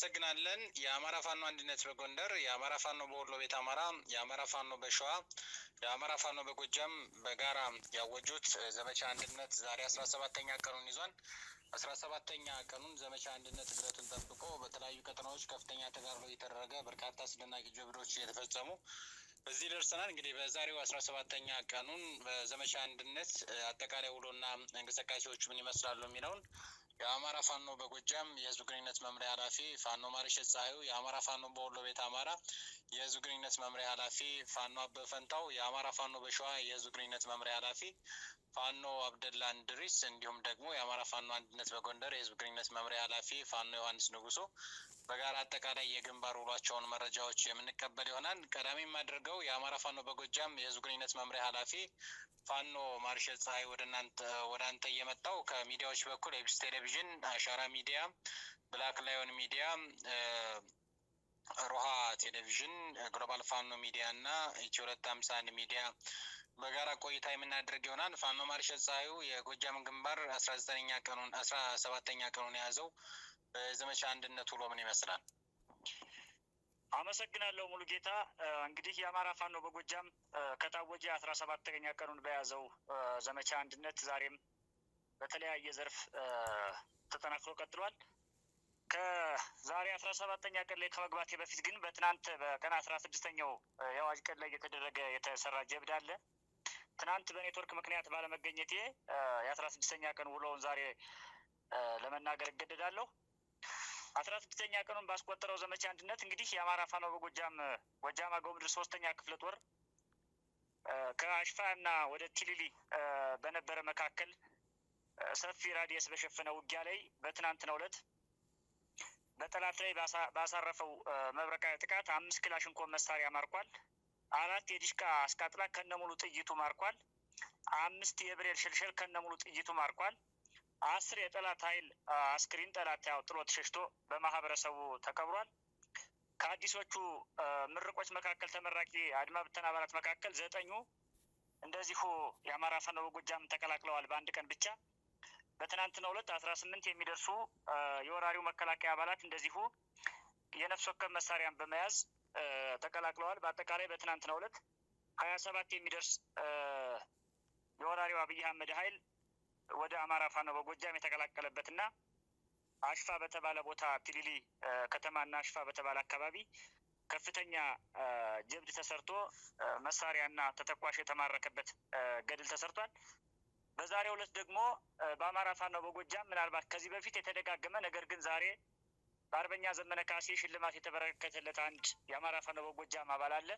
እናመሰግናለን። የአማራ ፋኖ አንድነት በጎንደር፣ የአማራ ፋኖ በወሎ ቤት አማራ፣ የአማራ ፋኖ በሸዋ፣ የአማራ ፋኖ በጎጃም በጋራ ያወጁት ዘመቻ አንድነት ዛሬ አስራ ሰባተኛ ቀኑን ይዟል። አስራ ሰባተኛ ቀኑን ዘመቻ አንድነት ግለቱን ጠብቆ በተለያዩ ቀጠናዎች ከፍተኛ ተጋድሎ እየተደረገ በርካታ አስደናቂ ጀብዶች እየተፈጸሙ በዚህ ደርሰናል። እንግዲህ በዛሬው አስራ ሰባተኛ ቀኑን በዘመቻ አንድነት አጠቃላይ ውሎና እንቅስቃሴዎች ምን ይመስላሉ የሚለውን የአማራ ፋኖ በጎጃም የህዝብ ግንኙነት መምሪያ ኃላፊ ፋኖ ማሪሸት ፀሐዩ፣ የአማራ ፋኖ በወሎ ቤት አማራ የህዝብ ግንኙነት መምሪያ ኃላፊ ፋኖ አበበ ፈንታው፣ የአማራ ፋኖ በሸዋ የህዝብ ግንኙነት መምሪያ ኃላፊ ፋኖ አብደላ እንድሪስ እንዲሁም ደግሞ የአማራ ፋኖ አንድነት በጎንደር የህዝብ ግንኙነት መምሪያ ኃላፊ ፋኖ ዮሐንስ ንጉሶ በጋራ አጠቃላይ የግንባር ውሏቸውን መረጃዎች የምንቀበል ይሆናል። ቀዳሚ የማደርገው የአማራ ፋኖ በጎጃም የህዝብ ግንኙነት መምሪያ ኃላፊ ፋኖ ማርሸት ፀሐይ ወደ አንተ እየመጣው ከሚዲያዎች በኩል ኤቢሲ ቴሌቪዥን ቴሌቪዥን፣ አሻራ ሚዲያ፣ ብላክ ላዮን ሚዲያ፣ ሮሃ ቴሌቪዥን፣ ግሎባል ፋኖ ሚዲያ እና ኢትዮ ሁለት ሀምሳ አንድ ሚዲያ በጋራ ቆይታ የምናደርግ ይሆናል። ፋኖ ማርሸት ፀሐዩ የጎጃም ግንባር አስራ ዘጠነኛ ቀኑን አስራ ሰባተኛ ቀኑን የያዘው በዘመቻ አንድነት ውሎ ምን ይመስላል? አመሰግናለሁ ሙሉ ጌታ። እንግዲህ የአማራ ፋኖ በጎጃም ከታወጀ አስራ ሰባተኛ ቀኑን በያዘው ዘመቻ አንድነት ዛሬም በተለያየ ዘርፍ ተጠናክሮ ቀጥሏል። ከዛሬ አስራ ሰባተኛ ቀን ላይ ከመግባቴ በፊት ግን በትናንት በቀን አስራ ስድስተኛው የአዋጅ ቀን ላይ የተደረገ የተሰራ ጀብድ አለ። ትናንት በኔትወርክ ምክንያት ባለመገኘቴ የአስራ ስድስተኛ ቀን ውሎውን ዛሬ ለመናገር እገደዳለሁ። አስራ ስድስተኛ ቀኑን ባስቆጠረው ዘመቻ አንድነት እንግዲህ የአማራ ፋኖ በጎጃም ጎጃም አገው ምድር ሶስተኛ ክፍለ ጦር ከአሽፋ እና ወደ ቲሊሊ በነበረ መካከል ሰፊ ራዲየስ በሸፈነ ውጊያ ላይ በትናንትናው ዕለት በጠላት ላይ ባሳረፈው መብረቃዊ ጥቃት አምስት ክላሽንኮቭ መሳሪያ ማርኳል። አራት የዲሽቃ አስቃጥላ ከነሙሉ ጥይቱ ማርኳል። አምስት የብሬል ሽልሽል ከነሙሉ ጥይቱ ማርኳል። አስር የጠላት ኃይል አስክሪን ጠላት ያው ጥሎት ሸሽቶ በማህበረሰቡ ተቀብሯል። ከአዲሶቹ ምርቆች መካከል ተመራቂ አድማ ብተን አባላት መካከል ዘጠኙ እንደዚሁ የአማራ ፋኖ በጎጃም ተቀላቅለዋል በአንድ ቀን ብቻ። በትናንትናው ዕለት አስራ ስምንት የሚደርሱ የወራሪው መከላከያ አባላት እንደዚሁ የነፍስ ወከፍ መሳሪያን በመያዝ ተቀላቅለዋል። በአጠቃላይ በትናንትናው ዕለት ሀያ ሰባት የሚደርስ የወራሪው አብይ አህመድ ኃይል ወደ አማራ ፋኖ በጎጃም የተቀላቀለበትና አሽፋ በተባለ ቦታ ፒሊሊ ከተማና አሽፋ በተባለ አካባቢ ከፍተኛ ጀብድ ተሰርቶ መሳሪያና ተተኳሽ የተማረከበት ገድል ተሰርቷል። በዛሬው ዕለት ደግሞ በአማራ ፋኖ በጎጃም ምናልባት ከዚህ በፊት የተደጋገመ ነገር ግን ዛሬ በአርበኛ ዘመነ ካሴ ሽልማት የተበረከተለት አንድ የአማራ ፋኖ በጎጃም አባል አለ።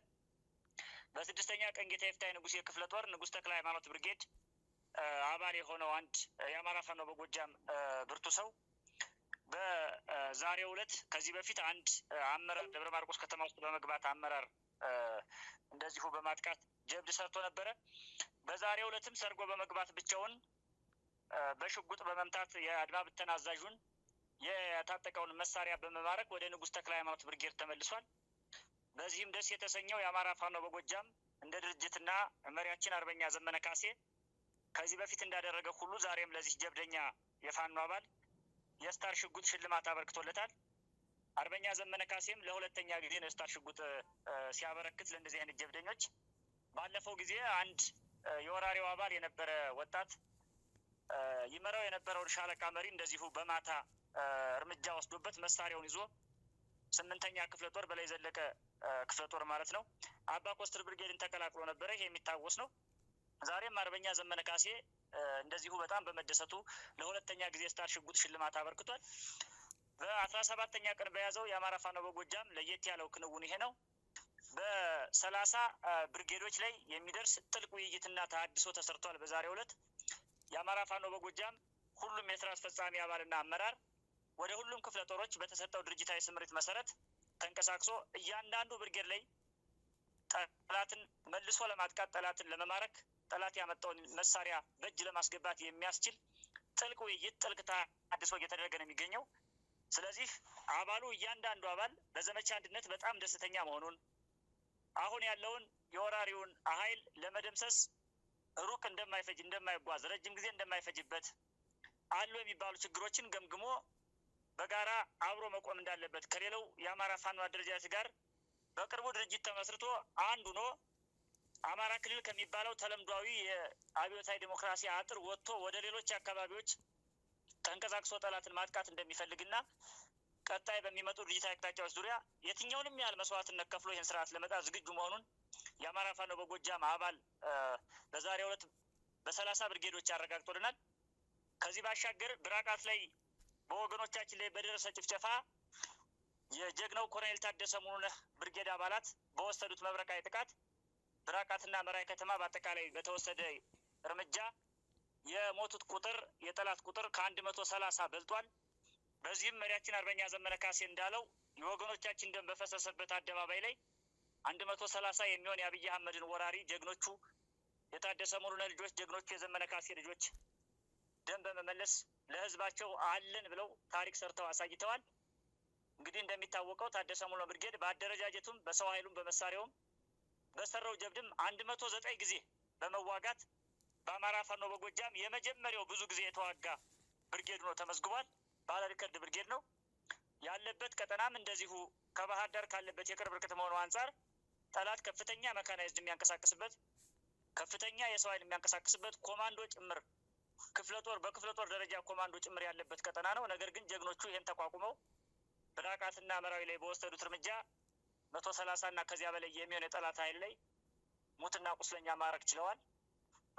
በስድስተኛ ቀን ጌታ የፍታይ ንጉሥ የክፍለ ጦር ንጉሥ ተክለ ሃይማኖት ብርጌድ አባል የሆነው አንድ የአማራ ፋኖ በጎጃም ብርቱ ሰው በዛሬው ዕለት ከዚህ በፊት አንድ አመራር ደብረ ማርቆስ ከተማ ውስጥ በመግባት አመራር እንደዚሁ በማጥቃት ጀብድ ሰርቶ ነበረ። በዛሬው ዕለትም ሰርጎ በመግባት ብቻውን በሽጉጥ በመምታት የአድማ ብተና አዛዡን የታጠቀውን መሳሪያ በመማረክ ወደ ንጉሥ ተክለ ሃይማኖት ብርጌድ ተመልሷል። በዚህም ደስ የተሰኘው የአማራ ፋኖ በጎጃም እንደ ድርጅትና መሪያችን አርበኛ ዘመነ ካሴ ከዚህ በፊት እንዳደረገ ሁሉ ዛሬም ለዚህ ጀብደኛ የፋኖ አባል የስታር ሽጉጥ ሽልማት አበርክቶለታል። አርበኛ ዘመነ ካሴም ለሁለተኛ ጊዜ ነው የስታር ሽጉጥ ሲያበረክት ለእንደዚህ አይነት ጀብደኞች ባለፈው ጊዜ አንድ የወራሪው አባል የነበረ ወጣት ይመራው የነበረውን ሻለቃ መሪ እንደዚሁ በማታ እርምጃ ወስዶበት መሳሪያውን ይዞ ስምንተኛ ክፍለ ጦር በላይ ዘለቀ ክፍለ ጦር ማለት ነው አባ ኮስትር ብርጌድን ተቀላቅሎ ነበረ። ይሄ የሚታወስ ነው። ዛሬም አርበኛ ዘመነ ካሴ እንደዚሁ በጣም በመደሰቱ ለሁለተኛ ጊዜ ስታር ሽጉጥ ሽልማት አበርክቷል። በአስራ ሰባተኛ ቀን በያዘው የአማራ ፋኖ በጎጃም ለየት ያለው ክንውን ይሄ ነው። በሰላሳ ብርጌዶች ላይ የሚደርስ ጥልቅ ውይይትና ተሀድሶ ተሰርቷል። በዛሬው ዕለት የአማራ ፋኖ በጎጃም ሁሉም የስራ አስፈጻሚ አባልና አመራር ወደ ሁሉም ክፍለ ጦሮች በተሰጠው ድርጅታዊ ስምሪት መሰረት ተንቀሳቅሶ እያንዳንዱ ብርጌድ ላይ ጠላትን መልሶ ለማጥቃት፣ ጠላትን ለመማረክ፣ ጠላት ያመጣውን መሳሪያ በእጅ ለማስገባት የሚያስችል ጥልቅ ውይይት፣ ጥልቅ ተሀድሶ እየተደረገ ነው የሚገኘው። ስለዚህ አባሉ እያንዳንዱ አባል በዘመቻ አንድነት በጣም ደስተኛ መሆኑን አሁን ያለውን የወራሪውን ኃይል ለመደምሰስ ሩቅ እንደማይፈጅ እንደማይጓዝ ረጅም ጊዜ እንደማይፈጅበት አሉ የሚባሉ ችግሮችን ገምግሞ በጋራ አብሮ መቆም እንዳለበት ከሌላው የአማራ ፋኖ አደረጃጀት ጋር በቅርቡ ድርጅት ተመስርቶ አንዱ ሆኖ አማራ ክልል ከሚባለው ተለምዷዊ የአብዮታዊ ዲሞክራሲ አጥር ወጥቶ ወደ ሌሎች አካባቢዎች ተንቀሳቅሶ ጠላትን ማጥቃት እንደሚፈልግና ቀጣይ በሚመጡ ዲጂታል አቅጣጫዎች ዙሪያ የትኛውንም ያህል መስዋዕትነት ከፍሎ ይህን ስርዓት ለመጣ ዝግጁ መሆኑን የአማራ ፋኖ በጎጃም አባል በዛሬው ዕለት በሰላሳ ብርጌዶች አረጋግጦልናል። ከዚህ ባሻገር ብራቃት ላይ በወገኖቻችን ላይ በደረሰ ጭፍጨፋ የጀግናው ኮሎኔል ታደሰ ሙሉነህ ብርጌድ አባላት በወሰዱት መብረቃዊ ጥቃት ብራቃትና መራይ ከተማ በአጠቃላይ በተወሰደ እርምጃ የሞቱት ቁጥር የጠላት ቁጥር ከአንድ መቶ ሰላሳ በልጧል። በዚህም መሪያችን አርበኛ ዘመነ ካሴ እንዳለው የወገኖቻችን ደም በፈሰሰበት አደባባይ ላይ አንድ መቶ ሰላሳ የሚሆን የአብይ አህመድን ወራሪ ጀግኖቹ የታደሰ ሙሉነ ልጆች ጀግኖቹ የዘመነ ካሴ ልጆች ደም በመመለስ ለህዝባቸው አለን ብለው ታሪክ ሰርተው አሳይተዋል። እንግዲህ እንደሚታወቀው ታደሰ ሙሉነ ብርጌድ በአደረጃጀቱም በሰው ኃይሉም በመሳሪያውም በሰራው ጀብድም አንድ መቶ ዘጠኝ ጊዜ በመዋጋት በአማራ ፋኖ በጎጃም የመጀመሪያው ብዙ ጊዜ የተዋጋ ብርጌድ ነው ተመዝግቧል። ባለ ርቀት ብርጌድ ነው ያለበት። ቀጠናም እንደዚሁ ከባህር ዳር ካለበት የቅርብ ርቀት መሆኑ አንጻር ጠላት ከፍተኛ መካናይዝድ የሚያንቀሳቅስበት ከፍተኛ የሰው ኃይል የሚያንቀሳቅስበት ኮማንዶ ጭምር ክፍለ ጦር በክፍለ ጦር ደረጃ ኮማንዶ ጭምር ያለበት ቀጠና ነው። ነገር ግን ጀግኖቹ ይህን ተቋቁመው ብራቃትና መራዊ ላይ በወሰዱት እርምጃ መቶ ሰላሳ እና ከዚያ በላይ የሚሆን የጠላት ኃይል ላይ ሙትና ቁስለኛ ማድረግ ችለዋል።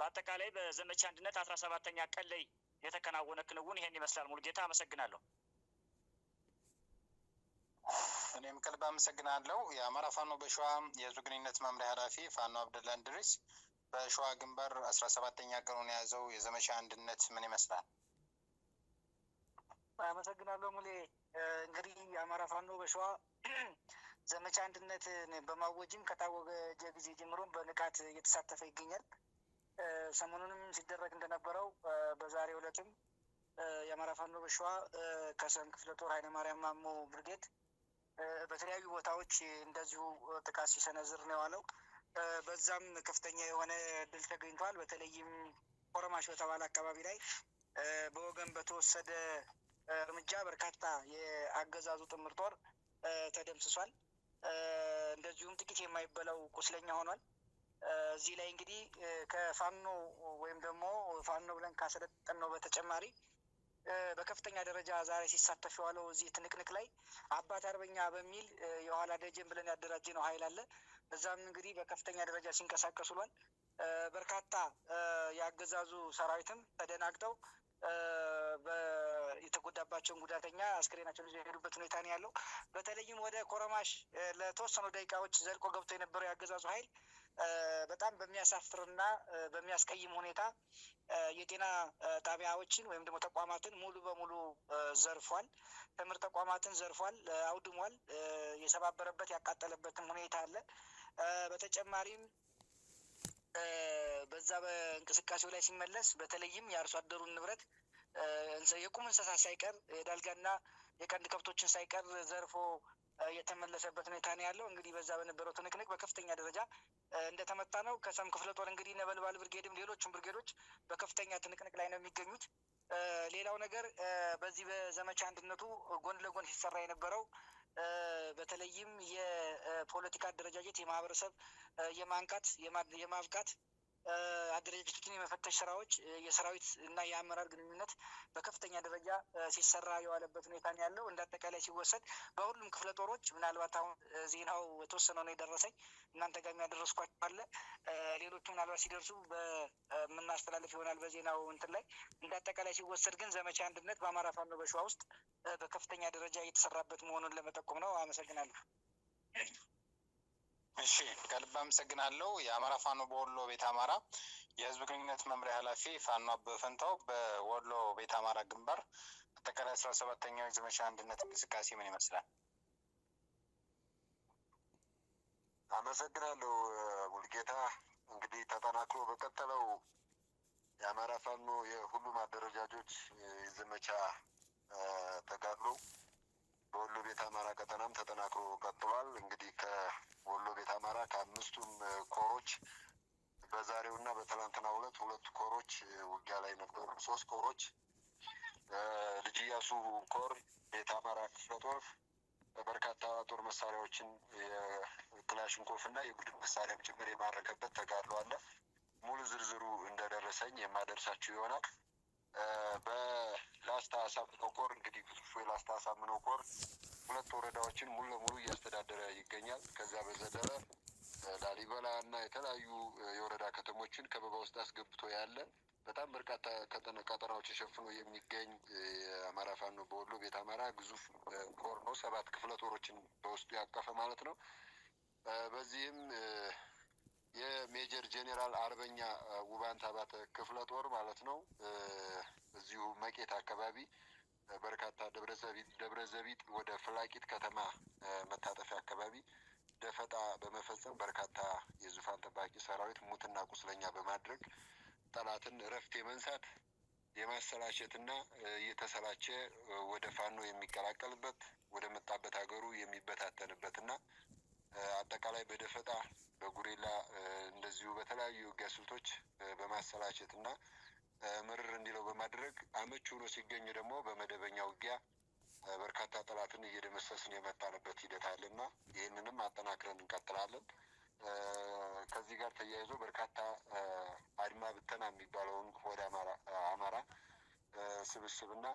በአጠቃላይ በዘመቻ አንድነት አስራ ሰባተኛ ቀን ላይ የተከናወነ ክንውን ይሄን ይመስላል። ሙሉጌታ አመሰግናለሁ። እኔም ከልብ አመሰግናለሁ። የአማራ ፋኖ በሸዋ የህዝብ ግንኙነት መምሪያ ኃላፊ ፋኖ አብደላ እንድሪስ በሸዋ ግንባር አስራ ሰባተኛ ቀኑን የያዘው የዘመቻ አንድነት ምን ይመስላል? አመሰግናለሁ ሙሌ። እንግዲህ የአማራ ፋኖ በሸዋ ዘመቻ አንድነትን በማወጅም ከታወጀ ጊዜ ጀምሮም በንቃት እየተሳተፈ ይገኛል። ሰሞኑንም ሲደረግ እንደነበረው በዛሬ ዕለትም የአማራ ፋኖ በሸዋ ከሰም ክፍለ ጦር ኃይለማርያም ማሞ ብርጌድ በተለያዩ ቦታዎች እንደዚሁ ጥቃት ሲሰነዝር ነው የዋለው። በዛም ከፍተኛ የሆነ ድል ተገኝቷል። በተለይም ኮረማሽ በተባለ አካባቢ ላይ በወገን በተወሰደ እርምጃ በርካታ የአገዛዙ ጥምር ጦር ተደምስሷል። እንደዚሁም ጥቂት የማይበላው ቁስለኛ ሆኗል። እዚህ ላይ እንግዲህ ከፋኖ ወይም ደግሞ ፋኖ ብለን ካሰለጠን ነው በተጨማሪ በከፍተኛ ደረጃ ዛሬ ሲሳተፍ የዋለው እዚህ ትንቅንቅ ላይ አባት አርበኛ በሚል የኋላ ደጀን ብለን ያደራጀ ነው ኃይል አለ። እዛም እንግዲህ በከፍተኛ ደረጃ ሲንቀሳቀሱ ሏል። በርካታ የአገዛዙ ሰራዊትም ተደናግጠው የተጎዳባቸውን ጉዳተኛ አስክሬናቸውን ይዘው የሄዱበት ሁኔታ ነው ያለው። በተለይም ወደ ኮረማሽ ለተወሰኑ ደቂቃዎች ዘልቆ ገብቶ የነበረው የአገዛዙ ኃይል በጣም በሚያሳፍርና በሚያስቀይም ሁኔታ የጤና ጣቢያዎችን ወይም ደግሞ ተቋማትን ሙሉ በሙሉ ዘርፏል። ትምህርት ተቋማትን ዘርፏል፣ አውድሟል። የሰባበረበት ያቃጠለበትም ሁኔታ አለ። በተጨማሪም በዛ በእንቅስቃሴው ላይ ሲመለስ በተለይም የአርሶ አደሩን ንብረት የቁም እንስሳት ሳይቀር የዳልጋና የቀንድ ከብቶችን ሳይቀር ዘርፎ የተመለሰበት ሁኔታ ነው ያለው። እንግዲህ በዛ በነበረው ትንቅንቅ በከፍተኛ ደረጃ እንደተመታ ነው። ከሰም ክፍለ ጦር እንግዲህ ነበልባል ብርጌድም ሌሎችም ብርጌዶች በከፍተኛ ትንቅንቅ ላይ ነው የሚገኙት። ሌላው ነገር በዚህ በዘመቻ አንድነቱ ጎን ለጎን ሲሰራ የነበረው በተለይም የፖለቲካ አደረጃጀት የማህበረሰብ የማንቃት የማብቃት አደረጃጀቶችን የመፈተሽ ስራዎች የሰራዊት እና የአመራር ግንኙነት በከፍተኛ ደረጃ ሲሰራ የዋለበት ሁኔታ ያለው። እንዳጠቃላይ ሲወሰድ በሁሉም ክፍለ ጦሮች ምናልባት አሁን ዜናው የተወሰነ ነው የደረሰኝ፣ እናንተ ጋር የሚያደረስኳቸው አለ። ሌሎቹ ምናልባት ሲደርሱ የምናስተላለፍ ይሆናል በዜናው እንትን ላይ። እንዳጠቃላይ ሲወሰድ ግን ዘመቻ አንድነት በአማራ ፋኖ በሸዋ ውስጥ በከፍተኛ ደረጃ የተሰራበት መሆኑን ለመጠቆም ነው። አመሰግናለሁ። እሺ ከልብ አመሰግናለሁ። የአማራ ፋኖ በወሎ ቤት አማራ የህዝብ ግንኙነት መምሪያ ኃላፊ ፋኖ በፈንታው በወሎ ቤት አማራ ግንባር አጠቃላይ አስራ ሰባተኛው የዘመቻ አንድነት እንቅስቃሴ ምን ይመስላል? አመሰግናለሁ ሙልጌታ። እንግዲህ ተጠናክሮ በቀጠለው የአማራ ፋኖ የሁሉም አደረጃጆች ዘመቻ ተጋድሎ በወሎ ቤት አማራ ቀጠናም ተጠናክሮ ቀጥሏል። እንግዲህ ከወሎ ቤት አማራ ከአምስቱም ኮሮች በዛሬውና በትናንትናው በትላንትና ሁለት ኮሮች ውጊያ ላይ ነበሩ። ሶስት ኮሮች ልጅ ኮር ቤት አማራ ክፍለ ጦር በርካታ ጦር መሳሪያዎችን የክላሽንኮፍ እና የቡድን መሳሪያም ጭምር የማረከበት ተጋድሎ አለ። ሙሉ ዝርዝሩ እንደደረሰኝ የማደርሳችሁ ይሆናል። በላስታ ሳምነው ኮር እንግዲህ ግዙፉ የላስታ ሳምነው ኮር ሁለት ወረዳዎችን ሙሉ ለሙሉ እያስተዳደረ ይገኛል። ከዚያ በዘለለ ላሊበላ እና የተለያዩ የወረዳ ከተሞችን ከበባ ውስጥ አስገብቶ ያለ በጣም በርካታ ቀጠናዎች ሸፍኖ የሚገኝ የአማራ ፋኖ በወሎ ቤት አማራ ግዙፍ ኮር ነው። ሰባት ክፍለ ጦሮችን በውስጡ ያቀፈ ማለት ነው። በዚህም የሜጀር ጄኔራል አርበኛ ውባንት አባተ ክፍለ ጦር ማለት ነው። እዚሁ መቄት አካባቢ በርካታ ደብረ ዘቢጥ ወደ ፍላቂት ከተማ መታጠፊያ አካባቢ ደፈጣ በመፈጸም በርካታ የዙፋን ጠባቂ ሰራዊት ሙትና ቁስለኛ በማድረግ ጠላትን እረፍት የመንሳት የማሰላቸትና እየተሰላቸ ወደ ፋኖ የሚቀላቀልበት ወደ መጣበት ሀገሩ የሚበታተንበትና አጠቃላይ በደፈጣ በጉሬላ እንደዚሁ በተለያዩ ውጊያ ስልቶች በማሰላቸት እና ምርር እንዲለው በማድረግ አመች ሆኖ ሲገኝ ደግሞ በመደበኛ ውጊያ በርካታ ጠላትን እየደመሰስን የመጣንበት ሂደት አለና ይህንንም አጠናክረን እንቀጥላለን። ከዚህ ጋር ተያይዞ በርካታ አድማ ብተና የሚባለውን ወደ አማራ ስብስብና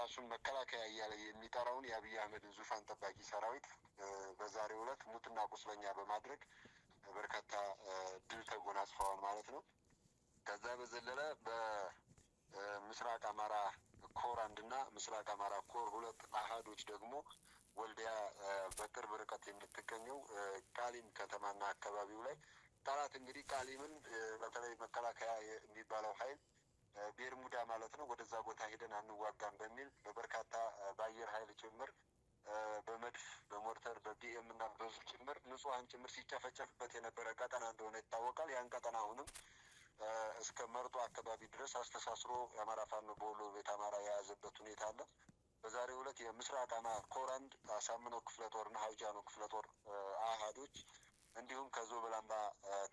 ራሱን መከላከያ እያለ የሚጠራውን የአብይ አህመድን ዙፋን ጠባቂ ሰራዊት በዛሬው ዕለት ሙትና ቁስለኛ በማድረግ በርካታ ድል ተጎናጽፈዋል ማለት ነው። ከዛ በዘለለ በምስራቅ አማራ ኮር አንድና ምስራቅ አማራ ኮር ሁለት አሃዶች ደግሞ ወልዲያ በቅርብ ርቀት የምትገኘው ቃሊም ከተማና አካባቢው ላይ ጠላት እንግዲህ ቃሊምን በተለይ መከላከያ የሚባለው ኃይል ቤርሙዳ ማለት ነው ወደዛ ቦታ ሄደን አንዋጋም በሚል በበርካታ በአየር ኃይል ጭምር በመድፍ በሞርተር በቢኤም እና በዙ ጭምር ንጹሀን ጭምር ሲጨፈጨፍበት የነበረ ቀጠና እንደሆነ ይታወቃል። ያን ቀጠና አሁንም እስከ መርጦ አካባቢ ድረስ አስተሳስሮ የአማራ ፋኖ በወሎ ቤት አማራ የያዘበት ሁኔታ አለ። በዛሬው ዕለት የምስራቅ አማ ኮራንድ አሳምነው ክፍለ ጦር እና ሀውጃኖ ክፍለ ጦር አህዶች እንዲሁም ከዞበላምባ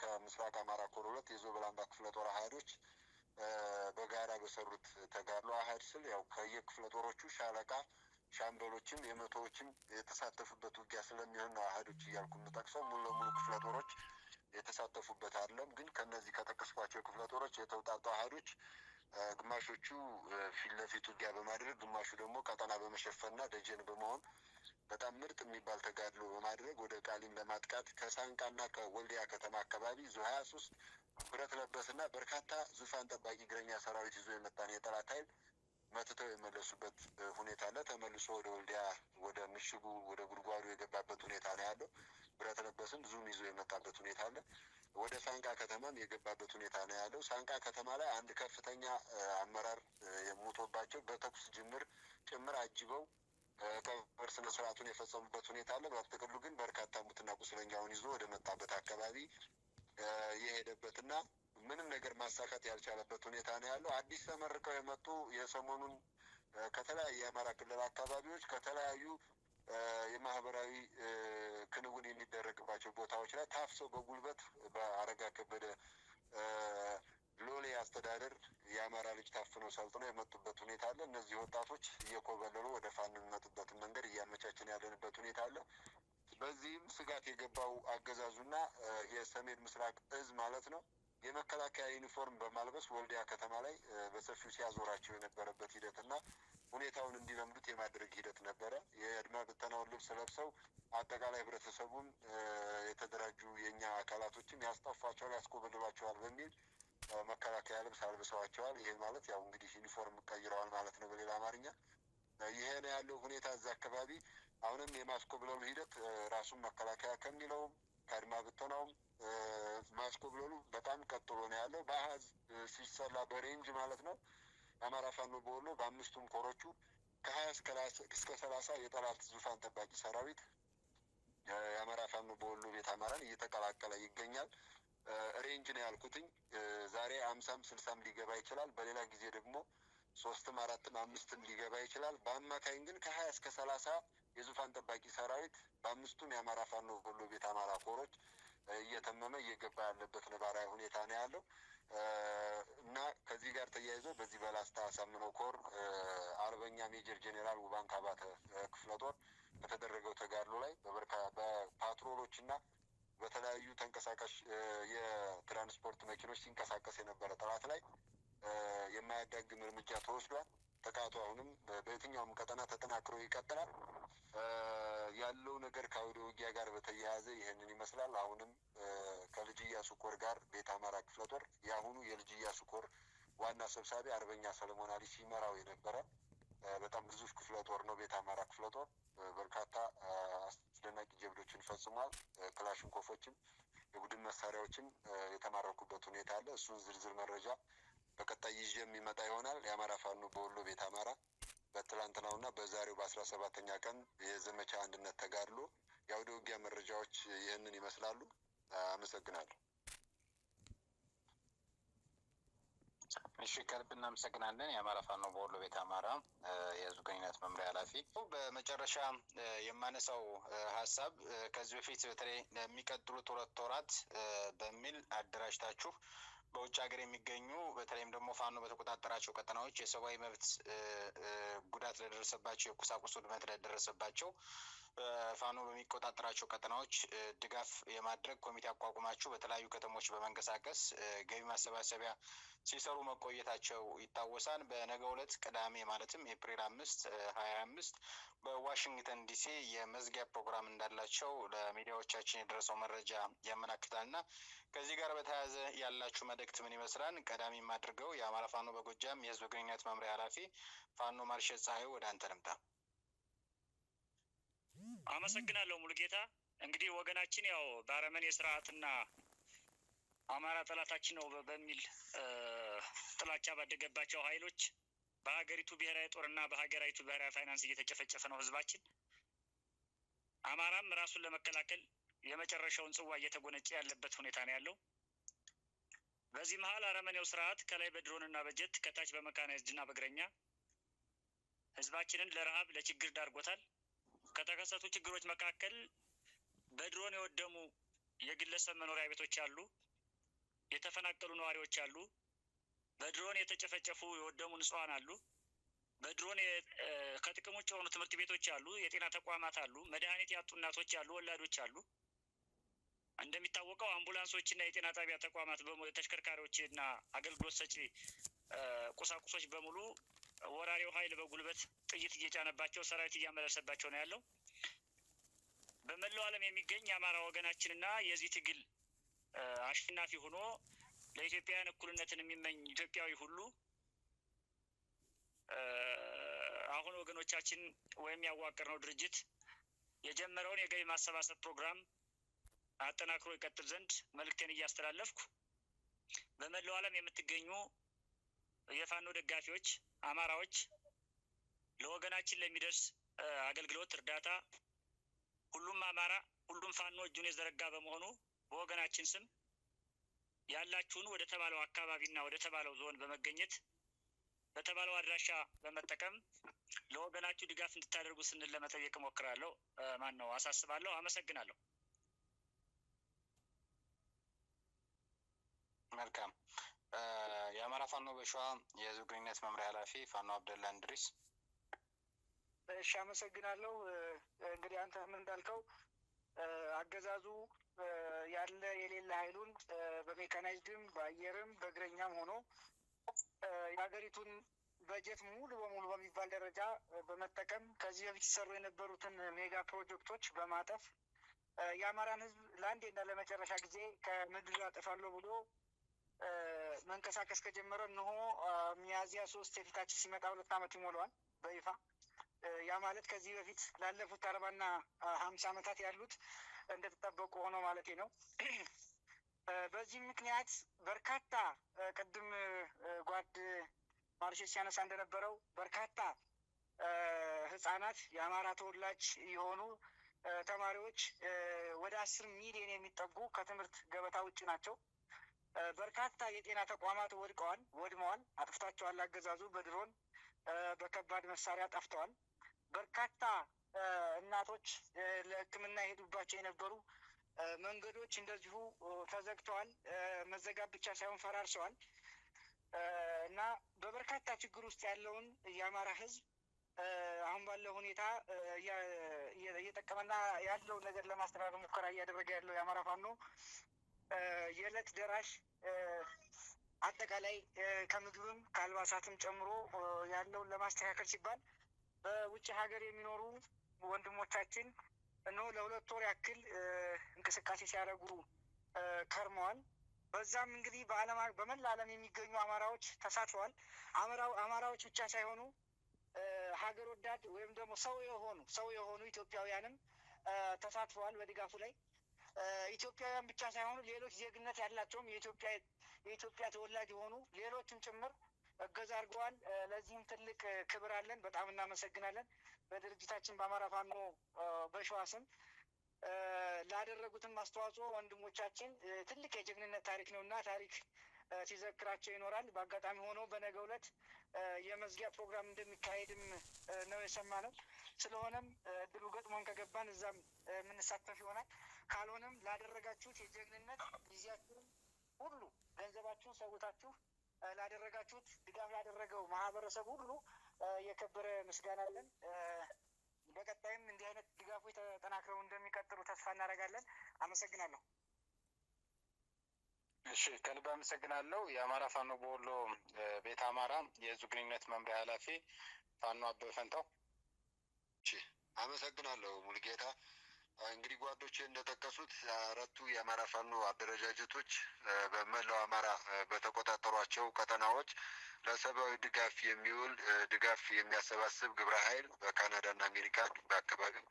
ከምስራቅ አማራ ኮር ሁለት የዞበላምባ ክፍለ ጦር አህዶች በጋራ በሰሩት ተጋድሎ አህድ ስል ያው ከየክፍለ ጦሮቹ ሻለቃ ሻምበሎችም የመቶዎችም የተሳተፉበት ውጊያ ስለሚሆን ነው አህዶች እያልኩ የምጠቅሰው። ሙሉ ለሙሉ ክፍለ ጦሮች የተሳተፉበት አለም ግን ከነዚህ ከጠቀስኳቸው ክፍለ ጦሮች የተውጣጡ አህዶች ግማሾቹ ፊት ለፊት ውጊያ በማድረግ ግማሹ ደግሞ ቀጠና በመሸፈንና ደጀን በመሆን በጣም ምርጥ የሚባል ተጋድሎ በማድረግ ወደ ቃሊም ለማጥቃት ከሳንቃና ከወልዲያ ከተማ አካባቢ ዙ ሀያ ሶስት ብረት ለበስና በርካታ ዙፋን ጠባቂ እግረኛ ሰራዊት ይዞ የመጣን የጠላት ኃይል መትተው የመለሱበት ሁኔታ አለ። ተመልሶ ወደ ወልዲያ ወደ ምሽጉ ወደ ጉድጓዱ የገባበት ሁኔታ ነው ያለው። ብረት ለበስም ዙም ይዞ የመጣበት ሁኔታ አለ። ወደ ሳንቃ ከተማም የገባበት ሁኔታ ነው ያለው። ሳንቃ ከተማ ላይ አንድ ከፍተኛ አመራር የሞቶባቸው በተኩስ ጅምር ጭምር አጅበው ከበር ስነ ስርዓቱን የፈጸሙበት ሁኔታ አለ። በጥቅሉ ግን በርካታ ሙትና ቁስለኛውን ይዞ ወደ መጣበት አካባቢ የሄደበትና ምንም ነገር ማሳካት ያልቻለበት ሁኔታ ነው ያለው። አዲስ ተመርቀው የመጡ የሰሞኑን ከተለያዩ የአማራ ክልል አካባቢዎች ከተለያዩ የማህበራዊ ክንውን የሚደረግባቸው ቦታዎች ላይ ታፍሰው በጉልበት በአረጋ ከበደ ሎሌ አስተዳደር የአማራ ልጅ ታፍነው ሰልጥነው የመጡበት ሁኔታ አለ። እነዚህ ወጣቶች እየኮበለሉ ወደ ፋኖ የሚመጡበትን መንገድ እያመቻችን ያለንበት ሁኔታ አለ። በዚህም ስጋት የገባው አገዛዙና የሰሜን ምስራቅ እዝ ማለት ነው የመከላከያ ዩኒፎርም በማልበስ ወልዲያ ከተማ ላይ በሰፊው ሲያዞራቸው የነበረበት ሂደትና ሁኔታውን እንዲለምዱት የማድረግ ሂደት ነበረ። የአድማ ብተናውን ልብስ ለብሰው አጠቃላይ ህብረተሰቡም የተደራጁ የእኛ አካላቶችም ያስጠፏቸዋል፣ ያስኮበልሏቸዋል በሚል መከላከያ ልብስ አልብሰዋቸዋል። ይሄ ማለት ያው እንግዲህ ዩኒፎርም ቀይረዋል ማለት ነው በሌላ አማርኛ። ይሄ ነው ያለው ሁኔታ እዛ አካባቢ። አሁንም የማስኮብለሉ ሂደት ራሱን መከላከያ ከሚለውም ከአድማ ብተናውም ማስኮብለሉ በጣም ቀጥሎ ነው ያለው። በአሀዝ ሲሰላ በሬንጅ ማለት ነው። የአማራ ፋኖ በወሎ በአምስቱም ኮሮቹ ከሀያ እስከ ሰላሳ የጠላት ዙፋን ጠባቂ ሰራዊት የአማራ ፋኖ በወሎ ቤት አማራን እየተቀላቀለ ይገኛል። ሬንጅ ነው ያልኩትኝ። ዛሬ አምሳም ስልሳም ሊገባ ይችላል። በሌላ ጊዜ ደግሞ ሶስትም አራትም አምስትም ሊገባ ይችላል። በአማካኝ ግን ከሀያ እስከ ሰላሳ የዙፋን ጠባቂ ሰራዊት በአምስቱም የአማራ ፋኖ በወሎ ቤት አማራ ኮሮች እየተመመ እየገባ ያለበት ነባራዊ ሁኔታ ነው ያለው እና ከዚህ ጋር ተያይዞ በዚህ በላስታ ሳምነው ኮር አርበኛ ሜጀር ጄኔራል ውባን ካባተ ክፍለ ጦር በተደረገው ተጋድሎ ላይ በፓትሮሎች እና በተለያዩ ተንቀሳቃሽ የትራንስፖርት መኪኖች ሲንቀሳቀስ የነበረ ጠላት ላይ የማያዳግም እርምጃ ተወስዷል። ጥቃቱ አሁንም በየትኛውም ቀጠና ተጠናክሮ ይቀጥላል። ያለው ነገር ከአውደ ውጊያ ጋር በተያያዘ ይህንን ይመስላል። አሁንም ከልጅ ኢያሱ ኮር ጋር ቤት አማራ ክፍለ ጦር የአሁኑ የልጅ ኢያሱ ኮር ዋና ሰብሳቢ አርበኛ ሰለሞን አሊ ሲመራው የነበረ በጣም ግዙፍ ክፍለ ጦር ነው። ቤት አማራ ክፍለ ጦር በርካታ አስደናቂ ጀብዶችን ፈጽሟል። ኮፎችን፣ የቡድን መሳሪያዎችም የተማረኩበት ሁኔታ አለ። እሱን ዝርዝር መረጃ በቀጣይ ይዤ የሚመጣ ይሆናል። የአማራ ፋኖ በወሎ ቤት አማራ በትላንትናውና በዛሬው በአስራ ሰባተኛ ቀን የዘመቻ አንድነት ተጋድሎ የአውደ ውጊያ መረጃዎች ይህንን ይመስላሉ። አመሰግናለሁ። እሺ ከልብ እናመሰግናለን። የአማራ ፋኖ በወሎ ቤት አማራ የህዝብ ግንኙነት መምሪያ ኃላፊ። በመጨረሻ የማነሳው ሀሳብ ከዚህ በፊት በተለይ የሚቀጥሉት ሁለት ወራት በሚል አደራጅታችሁ በውጭ ሀገር የሚገኙ በተለይም ደግሞ ፋኖ በተቆጣጠራቸው ቀጠናዎች የሰብአዊ መብት ጉዳት ለደረሰባቸው፣ የቁሳቁስ ውድመት ለደረሰባቸው በፋኖ በሚቆጣጠራቸው ቀጠናዎች ድጋፍ የማድረግ ኮሚቴ አቋቁማችሁ በተለያዩ ከተሞች በመንቀሳቀስ ገቢ ማሰባሰቢያ ሲሰሩ መቆየታቸው ይታወሳል። በነገው ዕለት ቅዳሜ ማለትም ኤፕሪል አምስት ሀያ አምስት በዋሽንግተን ዲሲ የመዝጊያ ፕሮግራም እንዳላቸው ለሚዲያዎቻችን የደረሰው መረጃ ያመላክታል እና ከዚህ ጋር በተያያዘ ያላችሁ መልእክት ምን ይመስላል? ቀዳሚ የማድርገው የአማራ ፋኖ በጎጃም የህዝብ ግንኙነት መምሪያ ኃላፊ ፋኖ ማርሸት ፀሐዩ ወደ አንተ ልምጣ። አመሰግናለሁ ሙሉጌታ። እንግዲህ ወገናችን ያው በአረመኔ ስርዓትና አማራ ጠላታችን ነው በሚል ጥላቻ ባደገባቸው ኃይሎች በሀገሪቱ ብሔራዊ ጦርና በሀገራዊቱ ብሔራዊ ፋይናንስ እየተጨፈጨፈ ነው ህዝባችን። አማራም ራሱን ለመከላከል የመጨረሻውን ጽዋ እየተጎነጨ ያለበት ሁኔታ ነው ያለው። በዚህ መሀል አረመኔው ስርዓት ከላይ በድሮንና በጀት ከታች በመካናይዝድና በእግረኛ ህዝባችንን ለረሃብ ለችግር ዳርጎታል። ከተከሰቱ ችግሮች መካከል በድሮን የወደሙ የግለሰብ መኖሪያ ቤቶች አሉ፣ የተፈናቀሉ ነዋሪዎች አሉ፣ በድሮን የተጨፈጨፉ የወደሙ ንጹሐን አሉ፣ በድሮን ከጥቅም ውጭ የሆኑ ትምህርት ቤቶች አሉ፣ የጤና ተቋማት አሉ፣ መድኃኒት ያጡ እናቶች አሉ፣ ወላዶች አሉ። እንደሚታወቀው አምቡላንሶችና የጤና ጣቢያ ተቋማት በሙሉ እና አገልግሎት ሰጪ ቁሳቁሶች በሙሉ ወራሪው ኃይል በጉልበት ጥይት እየጫነባቸው ሰራዊት እያመለሰባቸው ነው ያለው። በመላው ዓለም የሚገኝ የአማራ ወገናችንና የዚህ ትግል አሸናፊ ሆኖ ለኢትዮጵያውያን እኩልነትን የሚመኝ ኢትዮጵያዊ ሁሉ አሁን ወገኖቻችን ወይም ያዋቀርነው ድርጅት የጀመረውን የገቢ ማሰባሰብ ፕሮግራም አጠናክሮ ይቀጥል ዘንድ መልእክቴን እያስተላለፍኩ በመላው ዓለም የምትገኙ የፋኖ ደጋፊዎች አማራዎች ለወገናችን ለሚደርስ አገልግሎት እርዳታ ሁሉም አማራ ሁሉም ፋኖ እጁን የዘረጋ በመሆኑ በወገናችን ስም ያላችሁን ወደ ተባለው አካባቢና ወደ ተባለው ዞን በመገኘት በተባለው አድራሻ በመጠቀም ለወገናችሁ ድጋፍ እንድታደርጉ ስንል ለመጠየቅ እሞክራለሁ። ማን ነው አሳስባለሁ። አመሰግናለሁ። መልካም የአማራ ፋኖ በሸዋ የህዝብ ግንኙነት መምሪያ ኃላፊ ፋኖ አብደላ እንድሪስ። እሺ፣ አመሰግናለሁ። እንግዲህ አንተ ምን እንዳልከው አገዛዙ ያለ የሌለ ኃይሉን በሜካናይዝድም በአየርም በእግረኛም ሆኖ የሀገሪቱን በጀት ሙሉ በሙሉ በሚባል ደረጃ በመጠቀም ከዚህ በፊት ሲሰሩ የነበሩትን ሜጋ ፕሮጀክቶች በማጠፍ የአማራን ህዝብ ለአንዴና ለመጨረሻ ጊዜ ከምድር አጠፋለሁ ብሎ መንቀሳቀስ ከጀመረ እንሆ ሚያዝያ ሶስት የፊታችን ሲመጣ ሁለት ዓመት ይሞላዋል በይፋ ያ ማለት ከዚህ በፊት ላለፉት አርባና ሀምሳ ዓመታት ያሉት እንደተጠበቁ ሆኖ ማለት ነው። በዚህ ምክንያት በርካታ ቅድም ጓድ ማርሸት ሲያነሳ እንደነበረው በርካታ ህጻናት የአማራ ተወላጅ የሆኑ ተማሪዎች ወደ አስር ሚሊዮን የሚጠጉ ከትምህርት ገበታ ውጭ ናቸው። በርካታ የጤና ተቋማት ወድቀዋል፣ ወድመዋል፣ አጥፍታቸዋል። አገዛዙ በድሮን በከባድ መሳሪያ ጠፍተዋል። በርካታ እናቶች ለሕክምና የሄዱባቸው የነበሩ መንገዶች እንደዚሁ ተዘግተዋል። መዘጋት ብቻ ሳይሆን ፈራርሰዋል እና በበርካታ ችግር ውስጥ ያለውን የአማራ ሕዝብ አሁን ባለው ሁኔታ እየጠቀመና ያለው ነገር ለማስተዳደር ሙከራ እያደረገ ያለው የአማራ ፋኖ የዕለት ደራሽ አጠቃላይ ከምግብም ከአልባሳትም ጨምሮ ያለውን ለማስተካከል ሲባል በውጭ ሀገር የሚኖሩ ወንድሞቻችን እነሆ ለሁለት ወር ያክል እንቅስቃሴ ሲያደርጉ ከርመዋል። በዛም እንግዲህ በዓለም በመላ ዓለም የሚገኙ አማራዎች ተሳትፈዋል። አማራዎች ብቻ ሳይሆኑ ሀገር ወዳድ ወይም ደግሞ ሰው የሆኑ ሰው የሆኑ ኢትዮጵያውያንም ተሳትፈዋል በድጋፉ ላይ ኢትዮጵያውያን ብቻ ሳይሆኑ ሌሎች ዜግነት ያላቸውም የኢትዮጵያ ተወላጅ የሆኑ ሌሎችም ጭምር እገዛ አድርገዋል። ለዚህም ትልቅ ክብር አለን። በጣም እናመሰግናለን። በድርጅታችን በአማራ ፋኖ በሸዋ ስም ላደረጉትም አስተዋጽኦ ወንድሞቻችን ትልቅ የጀግንነት ታሪክ ነው እና ታሪክ ሲዘክራቸው ይኖራል። በአጋጣሚ ሆኖ በነገ ዕለት የመዝጊያ ፕሮግራም እንደሚካሄድም ነው የሰማነው። ስለሆነም እድሉ ገጥሞን ከገባን እዛም የምንሳተፍ ይሆናል። ካልሆነም ላደረጋችሁት የጀግንነት ጊዜያችሁን ሁሉ ገንዘባችሁን ሰውታችሁ ላደረጋችሁት ድጋፍ ላደረገው ማህበረሰብ ሁሉ የከበረ ምስጋና አለን። በቀጣይም እንዲህ አይነት ድጋፎች ተጠናክረው እንደሚቀጥሉ ተስፋ እናደርጋለን። አመሰግናለሁ። እሺ፣ ከልብ አመሰግናለሁ። የአማራ ፋኖ በወሎ ቤት አማራ የህዝብ ግንኙነት መምሪያ ኃላፊ ፋኖ አበበ ፈንታው። አመሰግናለሁ ሙሉጌታ። እንግዲህ ጓዶች እንደጠቀሱት አራቱ የአማራ ፋኖ አደረጃጀቶች በመላው አማራ በተቆጣጠሯቸው ቀጠናዎች ለሰብአዊ ድጋፍ የሚውል ድጋፍ የሚያሰባስብ ግብረ ኃይል በካናዳና አሜሪካ በአካባቢው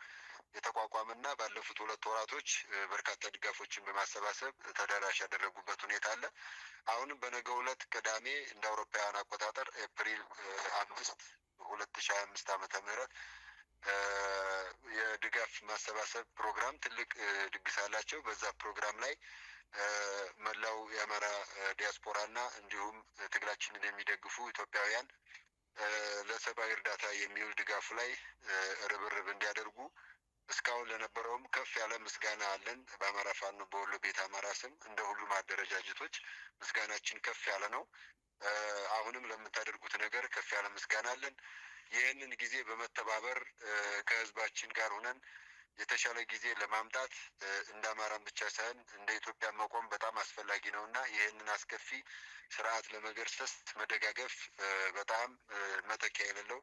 የተቋቋመና ባለፉት ሁለት ወራቶች በርካታ ድጋፎችን በማሰባሰብ ተደራሽ ያደረጉበት ሁኔታ አለ። አሁንም በነገው ዕለት ቅዳሜ እንደ አውሮፓውያን አቆጣጠር ኤፕሪል አምስት ሁለት ሺ ሀያ አምስት አመተ ምህረት የድጋፍ ማሰባሰብ ፕሮግራም ትልቅ ድግስ አላቸው። በዛ ፕሮግራም ላይ መላው የአማራ ዲያስፖራና እንዲሁም ትግላችንን የሚደግፉ ኢትዮጵያውያን ለሰብአዊ እርዳታ የሚውል ድጋፍ ላይ ርብርብ እንዲያደርጉ እስካሁን ለነበረውም ከፍ ያለ ምስጋና አለን። በአማራ ፋኖ በወሎ ቤት አማራ ስም እንደ ሁሉም አደረጃጀቶች ምስጋናችን ከፍ ያለ ነው። አሁንም ለምታደርጉት ነገር ከፍ ያለ ምስጋና አለን። ይህንን ጊዜ በመተባበር ከህዝባችን ጋር ሆነን የተሻለ ጊዜ ለማምጣት እንደ አማራም ብቻ ሳይሆን እንደ ኢትዮጵያ መቆም በጣም አስፈላጊ ነው እና ይህንን አስከፊ ስርዓት ለመገርሰስ መደጋገፍ በጣም መተኪያ የሌለው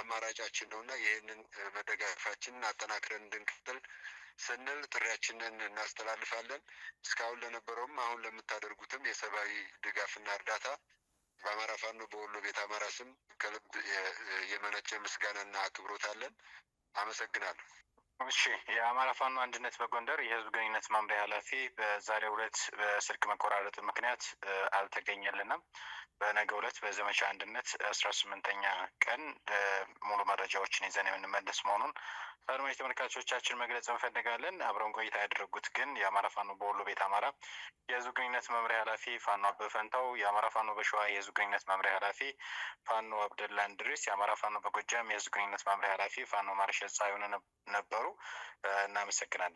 አማራጫችን ነው እና ይህንን መደጋገፋችንን አጠናክረን እንድንቀጥል ስንል ጥሪያችንን እናስተላልፋለን። እስካሁን ለነበረውም አሁን ለምታደርጉትም የሰብአዊ ድጋፍና እርዳታ በአማራ ፋኖ በወሎ ቤት አማራ ስም ከልብ የመነጨ ምስጋናና አክብሮት አለን። አመሰግናለሁ። እሺ የአማራ ፋኖ አንድነት በጎንደር የህዝብ ግንኙነት መምሪያ ኃላፊ በዛሬው ዕለት በስልክ መቆራረጥ ምክንያት አልተገኘልንም። በነገ ዕለት በዘመቻ አንድነት አስራ ስምንተኛ ቀን ሙሉ መረጃዎችን ይዘን የምንመለስ መሆኑን አድማጭ ተመልካቾቻችን መግለጽ እንፈልጋለን። አብረን ቆይታ ያደረጉት ግን የአማራ ፋኖ በወሎ ቤት አማራ የህዝብ ግንኙነት መምሪያ ኃላፊ ፋኖ አበፈንታው፣ የአማራ ፋኖ በሸዋ የህዝብ ግንኙነት መምሪያ ኃላፊ ፋኖ አብደላ እንድሪስ፣ የአማራ ፋኖ በጎጃም የህዝብ ግንኙነት መምሪያ ኃላፊ ፋኖ ማርሸ ጻዩን ነበሩ። እናመሰግናለን።